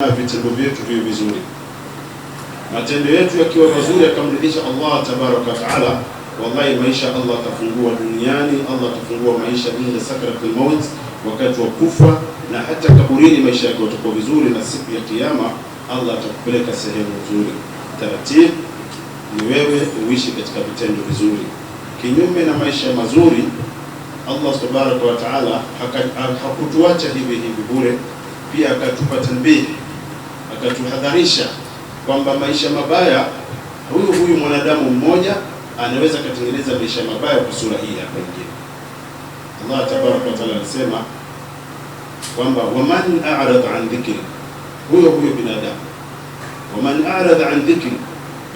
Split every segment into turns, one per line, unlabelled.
Vitendo vyetu viwe vizuri, matendo yetu yakiwa mazuri yakamridhisha Allah tabaraka wa taala, wallahi maisha Allah atafungua duniani, Allah atafungua maisha inda sakaratul maut, wakati wa kufa na hata kaburini, maisha yake yatakuwa vizuri, na siku ya Kiyama Allah atakupeleka sehemu nzuri. Taratibu ni wewe uishi katika vitendo vizuri, kinyume na maisha mazuri Allah tabaraka wa taala hakutuacha hivi hivi bure, pia akatupa tanbihi ikatuhadharisha kwamba maisha mabaya, huyu huyu mwanadamu mmoja anaweza akatengeneza maisha mabaya kwa sura hii hapa ingine. Allah wa wataala anasema kwamba waman a'rada an dhikri, huyo huyo binadamu, waman a'rada an dhikri,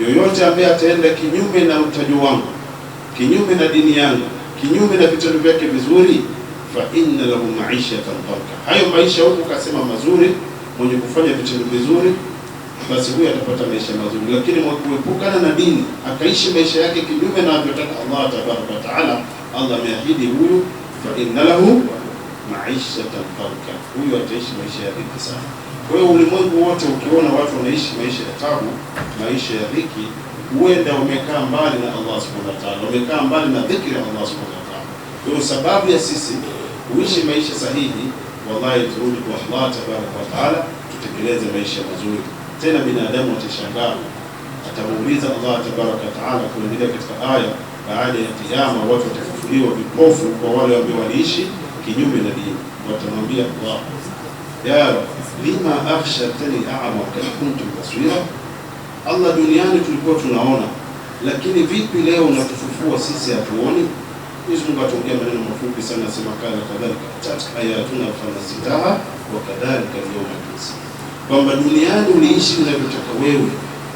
yoyote ambaye ataenda kinyume na mtajo wangu, kinyume na dini yangu, kinyume na vitendo vyake vizuri, fa inna lahu maisha dhanka, hayo maisha huku kasema mazuri mwenye kufanya vitendo vizuri, basi huyu atapata maisha mazuri, lakini mwenye kuepukana na dini akaishi maisha yake kinyume na anavyotaka Allah tabaraka wa taala, Allah ameahidi huyu, fa inna lahu maishatan dhanka, huyu ataishi maisha ya dhiki sana. Kwa hiyo ulimwengu wote ukiona watu wanaishi maisha ya tabu, maisha ya dhiki, huenda wamekaa mbali na Allah subhanahu wa taala, wamekaa mbali na dhikri ya Allah subhanahu wa taala. Kwa hiyo sababu ya sisi kuishi maisha sahihi Wallahi, turudi kwa Allah tabaraka wa taala, tutekeleze maisha mazuri. Tena binadamu atashangaa, atamuuliza Allah tabaraka wa taala kuendelea katika aya, baada ya kiyama watu watafufuliwa vipofu kwa wale ambao waliishi kinyume na dini, watamwambia Allah ya lima akhshartani a'ma kad kuntu basira, Allah, duniani tulikuwa tunaona, lakini vipi leo unatufufua sisi hatuoni? Mwenyezi Mungu ataongea maneno mafupi sana, asema kana kadhalika tatika ayatuna fanasitaha wa kadhalika al-yawma kwamba duniani uliishi unavyotaka wewe,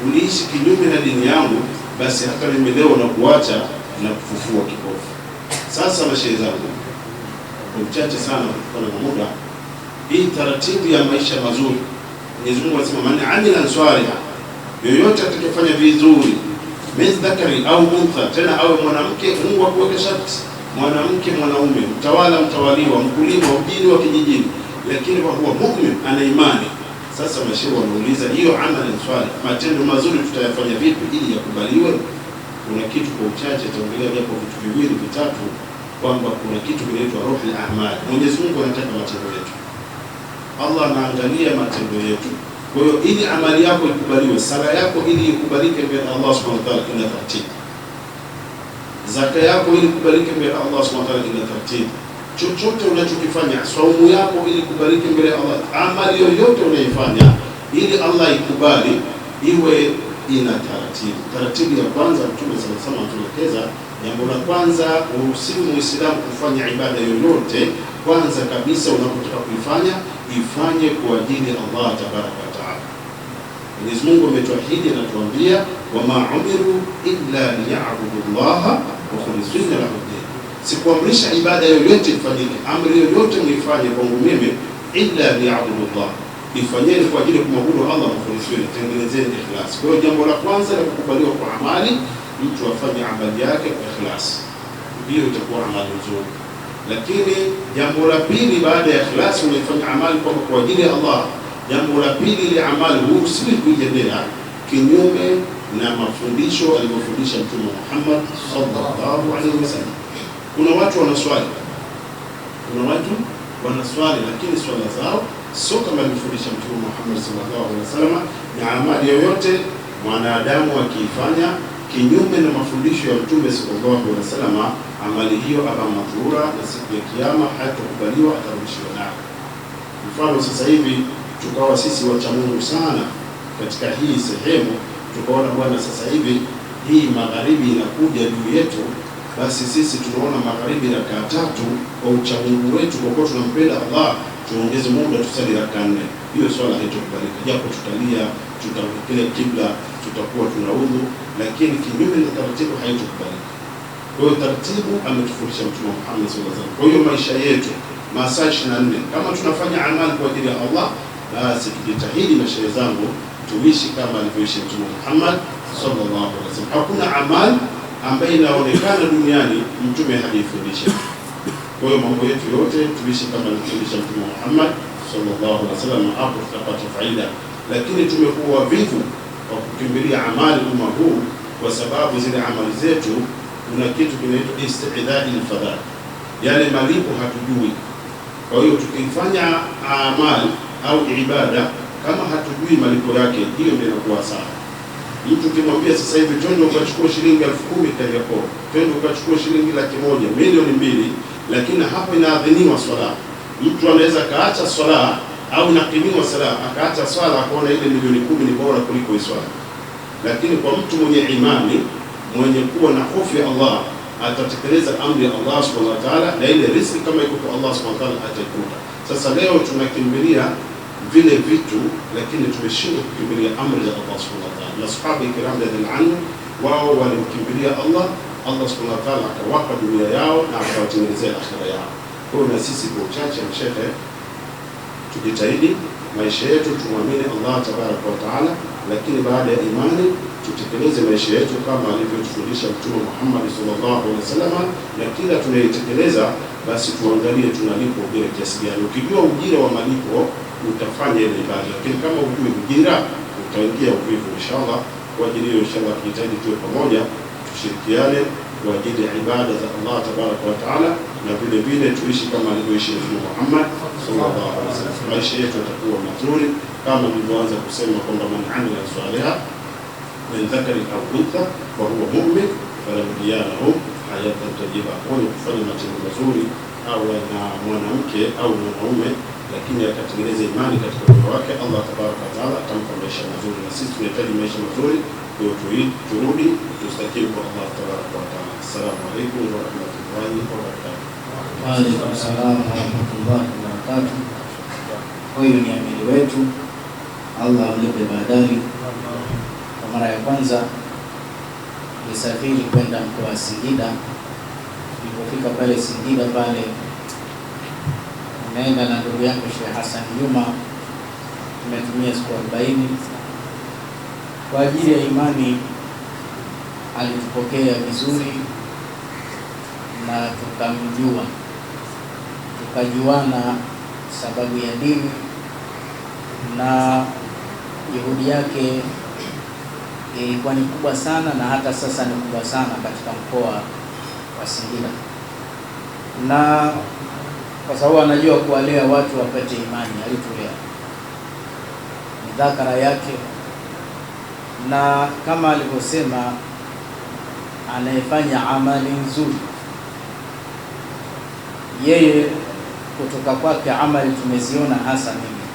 uliishi kinyume na dini yangu, basi hata mimi leo na kuacha na kufufua kipofu. Sasa mashehe zangu, kwa mchache sana kutokana na muda, hii taratibu ya maisha mazuri, Mwenyezi Mungu anasema man amila swaliha, yoyote atakayefanya vizuri min dhakarin au untha, tena awe mwanamke. Mungu akuweke sharti mwanamke, mwanaume, mtawala, mtawaliwa, mkulima, mjini wa kijijini, lakini kwa kuwa mu'min, ana imani. Sasa mashehe wanauliza hiyo amali swali, matendo mazuri tutayafanya vipi ili yakubaliwe? Kuna kitu kwa uchache taongelea japo vitu viwili vitatu, kwamba kuna kitu kinaitwa ruhul amali. Mwenyezi Mungu anataka matendo yetu, Allah anaangalia matendo yetu kwa hiyo ili amali yako ikubaliwe, sala yako ili ikubalike mbele Allah subhanahu wa ta'ala, ina taratibu. Zaka yako ili ikubalike mbele Allah subhanahu wa ta'ala, ina taratibu. Chochote unachokifanya, saumu yako ili kubalike mbele Allah, amali yoyote unaifanya ili Allah ikubali, iwe ina taratibu. Taratibu ya kwanza, Mtume sallallahu alaihi wasallam anatuelekeza jambo la kwanza, uhusimu muislamu kufanya ibada yoyote, kwanza kabisa unapotaka kuifanya, ifanye kwa ajili Allah tabaraka Mwenyezi Mungu ametuahidi, anatuambia wama umiru illa liyabudu llaha wa mukhlisina lahu ddin, sikuamrisha ibada yoyote ifanyike, amri yoyote muifanye kwangu mimi, illa liyabudu llah, ifanyeni kwa ajili ya kumwabudu Allah, mukhlisina, tengenezeni ikhlas. Kwa hiyo jambo la kwanza la kukubaliwa kwa amali, mtu afanye amali yake kwa ikhlas, hiyo itakuwa amali nzuri. Lakini jambo la pili baada ya ikhlas, unaifanya amali kwa ajili ya Allah Jambo la pili ile amali huru kujendea kinyume na mafundisho aliyofundisha Mtume Muhammad sallallahu alaihi wasallam. Kuna watu wanaswali, kuna watu wanaswali, lakini swala zao sio kama alifundisha Mtume Muhammad sallallahu alaihi wasallam. Na amali yoyote mwanadamu akiifanya kinyume na mafundisho ya Mtume sallallahu alaihi wasallam, amali hiyo aba madhura, na siku ya Kiyama hayatakubaliwa, atarudishiwa nao. Mfano sasa hivi tukawa sisi wachamungu sana katika hii sehemu, tukaona bwana, sasa hivi hii magharibi inakuja juu yetu, basi sisi tunaona magharibi rakaa tatu kwa uchamungu wetu, kwa kuwa tunampenda Allah tuongeze muda tusali rakaa nne. Hiyo swala haitokubalika, japo tutalia, tutaelekea kibla, tutakuwa tunaudhu, lakini kinyume na taratibu haitokubalika. Kwa hiyo taratibu ametufundisha Mtume Muhammad sallallahu alaihi wasallam. Kwa hiyo maisha yetu masaa 24 kama tunafanya amali kwa ajili ya Allah basi tujitahidi na shehe zangu tuishi kama alivyoishi Mtume Muhammad sallallahu alaihi wasallam. Hakuna amali ambayo inaonekana duniani mtume hajaifundisha. Kwa hiyo mambo yetu yote tuishi kama alivyofundisha Mtume Muhammad sallallahu alaihi wasallam, hapo tutapata faida. Lakini tumekuwa vivu kwa kukimbilia amali umma huu, kwa sababu zile amali zetu kuna kitu kinaitwa istidai lfadha, yale malipo hatujui. Kwa hiyo tukifanya amali au ibada, kama hatujui malipo yake, hiyo ndio inakuwa sawa. Mtu ukimwambia sasa hivi twende ukachukua shilingi elfu kumi Kariakoo, twende ukachukua shilingi laki moja milioni mbili, lakini hapo inaadhiniwa swala. Mtu anaweza akaacha swala au inakimiwa swala, akaacha swala akaona ile milioni kumi ni bora kuliko hii swala. Lakini kwa mtu mwenye imani mwenye kuwa na hofu ya Allah atatekeleza amri ya Allah subhanahu wa ta'ala, na ile riziki kama iko kwa Allah subhanahu wa ta'ala ataikuta. Sasa leo tunakimbilia vile vitu, lakini tumeshindwa kukimbilia amri za Allah subhanahu wa ta'ala. Masahaba kiram radhiallahu wao walimkimbilia Allah, Allah subhanahu wa ta'ala akawapa dunia yao na akawatengenezea akhira yao. Kwa hiyo na sisi kwa uchache mshehe, tujitahidi maisha yetu tumwamini Allah tabaraka wa taala, lakini baada ya imani tutekeleze maisha yetu kama alivyotufundisha Mtume Muhammad sallallahu alaihi wasallam, na kila tunayetekeleza basi tuangalie tunalipo ujira kiasi gani. Ukijua ujira wa malipo utafanya ile ibada, lakini kama hujui ujira utaingia uvivu. Inshallah, kwa ajili hiyo, inshallah tujitahidi tuwe pamoja, tushirikiane kwa ajili ya ibada za Allah tabaraka wa taala, na vile vile tuishi kama alivyoishi Mtume Muhammad sallallahu alaihi wasallam. Maisha yetu yatakuwa mazuri, kama nilivyoanza kusema kwamba man amila salihan min dhakari au untha wa huwa mu'min falamdiyanahum hayatan tajiba, wenye kufanya matendo mazuri awe na mwanamke au mwanaume, lakini akatengeneza imani katika moyo wake, Allah tabaraka wataala atampa maisha mazuri. Na sisi tunahitaji maisha mazuri, hiyo turudi tustakimu kwa Allah tabaraka wataala. Assalamu alaikum warahmatullahi wabarakatuh.
Waalaikum salamu warahmatullahi wabarakatuh. Huyu ni amiri wetu, Allah amlipe badali kwa mara ya kwanza nilisafiri kwenda mkoa wa Singida. Nilipofika pale Singida pale nimeenda na ndugu yangu Sheikh Hassan Juma, tumetumia siku arobaini kwa ajili ya imani. Alitupokea vizuri na tukamjua, tukajuana sababu ya dini na juhudi yake ilikuwa ni kubwa sana na hata sasa ni kubwa sana katika mkoa wa Singida, na kwa sababu anajua kuwalea watu wapate imani, alitulea ni dhakara yake, na kama alivyosema, anayefanya amali nzuri yeye kutoka kwake amali tumeziona hasa mimi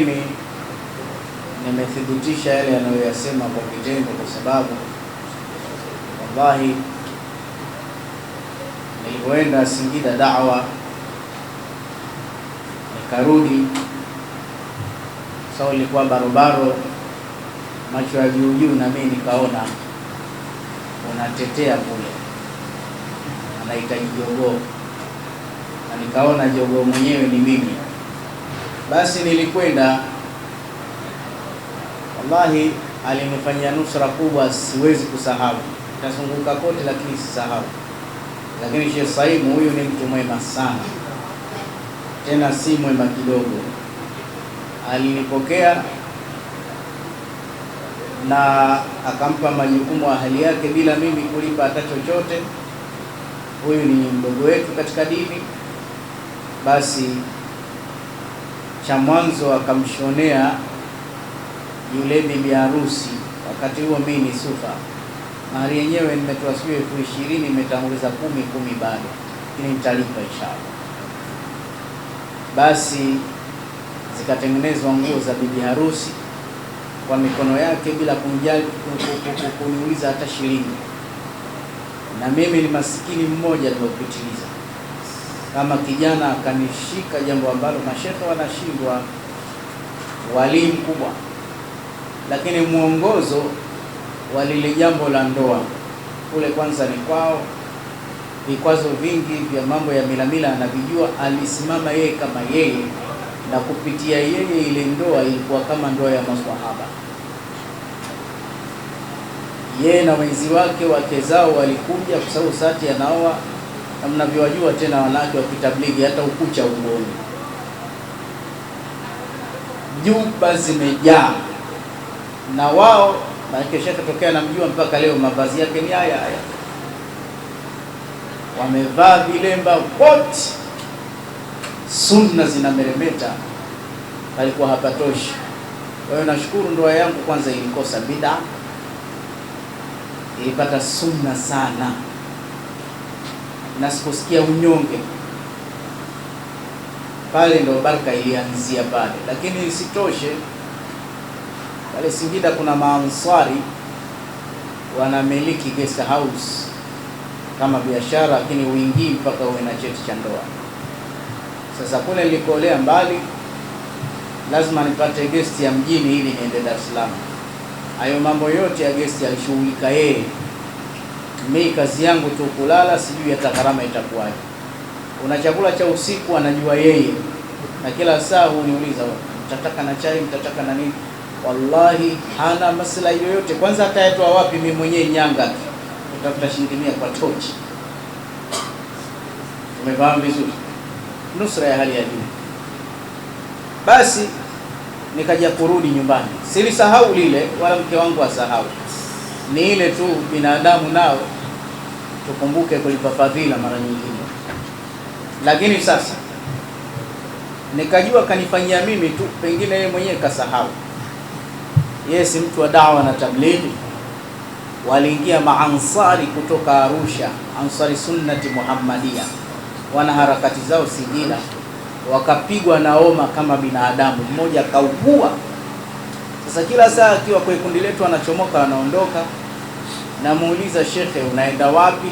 mimi nimethibitisha yale anayoyasema kwa vitendo, kwa sababu wallahi nilipoenda Singida dawa nikarudi, sababu ilikuwa barobaro, macho ya juu juu, na mimi nikaona unatetea kule, anahitaji jogoo na nikaona jogoo mwenyewe ni mimi, basi nilikwenda wallahi alinifanyia nusra kubwa, siwezi kusahau, tazunguka kote lakini sisahau. Lakini Sheikh Saimu huyu ni mtu mwema sana, tena si mwema kidogo. Alinipokea na akampa majukumu ahali yake bila mimi kulipa hata chochote. Huyu ni mdogo wetu katika dini. Basi cha mwanzo akamshonea yule bibi harusi. Wakati huo mimi ni sufa, mahari yenyewe nimetoa sijui elfu ishirini nimetanguliza kumi kumi, bado lakini nitalipa inshallah. Basi zikatengenezwa nguo za bibi harusi kwa mikono yake bila kumjali, kuniuliza hata shilingi. Na mimi ni masikini mmoja nilopitiliza kama kijana, akanishika jambo ambalo mashekhe wanashindwa, walimu kubwa lakini mwongozo wa lile jambo la ndoa kule kwanza ni kwao. Vikwazo vingi vya mambo ya milamila anavijua, alisimama yeye kama yeye, na kupitia yeye ile ndoa ilikuwa kama ndoa ya maswahaba. Yeye na wenzi wake, wake zao walikuja, kwa sababu sati anaoa, na mnavyowajua tena wanawake wa kitabligi, hata ukucha uoni, nyumba zimejaa na wao maanakeshakatokea na mjua, mpaka leo mavazi yake ni haya haya, wamevaa vilemba wote, sunna zinameremeta, palikuwa hapatoshi. Kwa hiyo nashukuru ndoa yangu kwanza ilikosa bida, ilipata sunna sana, na sikusikia unyonge pale, ndo baraka ilianzia pale, lakini isitoshe pale Singida kuna maanswari wanamiliki guest house kama biashara, lakini uingii mpaka uwe na cheti cha ndoa. Sasa kule nilikolea mbali, lazima nipate guest ya mjini ili niende Dar es Salaam. Hayo mambo yote ya guest alishughulika yeye, mimi kazi yangu tu kulala, sijui hata gharama itakuwaje. Una chakula cha usiku anajua yeye, na kila saa huniuliza mtataka na chai, mtataka na nini wallahi hana maslahi yoyote. Kwanza atayatoa wapi? Mimi mwenyewe nyanga utafuta shilingi mia kwa tochi. Umefahamu vizuri, nusra ya hali ya juu. Basi nikaja kurudi nyumbani, silisahau lile wala mke wangu asahau, ni ile tu binadamu nao tukumbuke kulipa fadhila mara nyingine. Lakini sasa nikajua kanifanyia mimi tu, pengine yeye mwenyewe kasahau yeye si mtu wa dawa na tablighi. Waliingia maansari kutoka Arusha, Ansari Sunnati Muhammadia, wana harakati zao Singida, wakapigwa na homa kama binadamu, mmoja akaugua. Sasa kila saa akiwa kwa kundi letu anachomoka, anaondoka, namuuliza shekhe, unaenda wapi?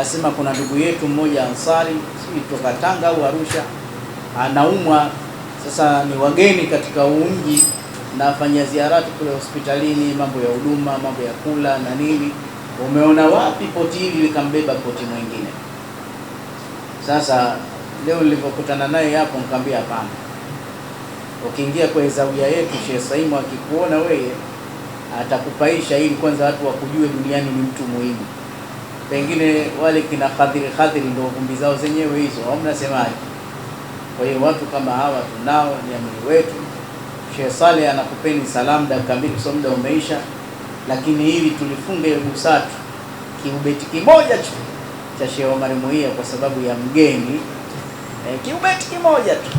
Asema kuna ndugu yetu mmoja Ansari, si kutoka Tanga au Arusha, anaumwa. Sasa ni wageni katika umji nafanya ziarati kule hospitalini, mambo ya huduma, mambo ya kula na nini. Umeona wapi poti hili likambeba poti mwingine? Sasa leo nilipokutana naye hapo, nikamwambia hapana, ukiingia kwa zawia yetu Sheikh Saimu akikuona wewe atakupaisha, ili kwanza watu wakujue duniani ni mtu muhimu. Pengine wale kina khadhiri khadhiri ndio kumbi zao zenyewe hizo, au mnasemaje? Kwa hiyo watu kama hawa tunao, ni amri wetu Sheikh Saleh anakupeni salamu dakika mbili, kwa muda umeisha, lakini hivi tulifunga hiyo busatu kiubeti kimoja tu cha Sheikh Omar Muia kwa sababu ya mgeni e, kiubeti kimoja tu,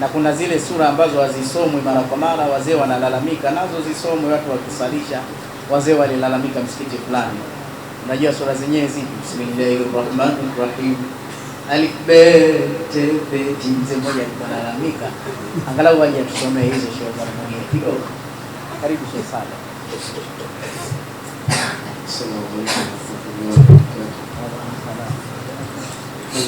na kuna zile sura ambazo hazisomwi mara kwa mara, wazee wanalalamika nazo zisomwe, watu wakisalisha. Wazee walilalamika msikiti fulani, unajua sura zenyewe zipi? Bismillahirrahmanirrahim alibetebeti. Mzee mmoja alikuwa analalamika, angalau waje atusomee hizo shehe bwana kidogo. Karibu shehe sana.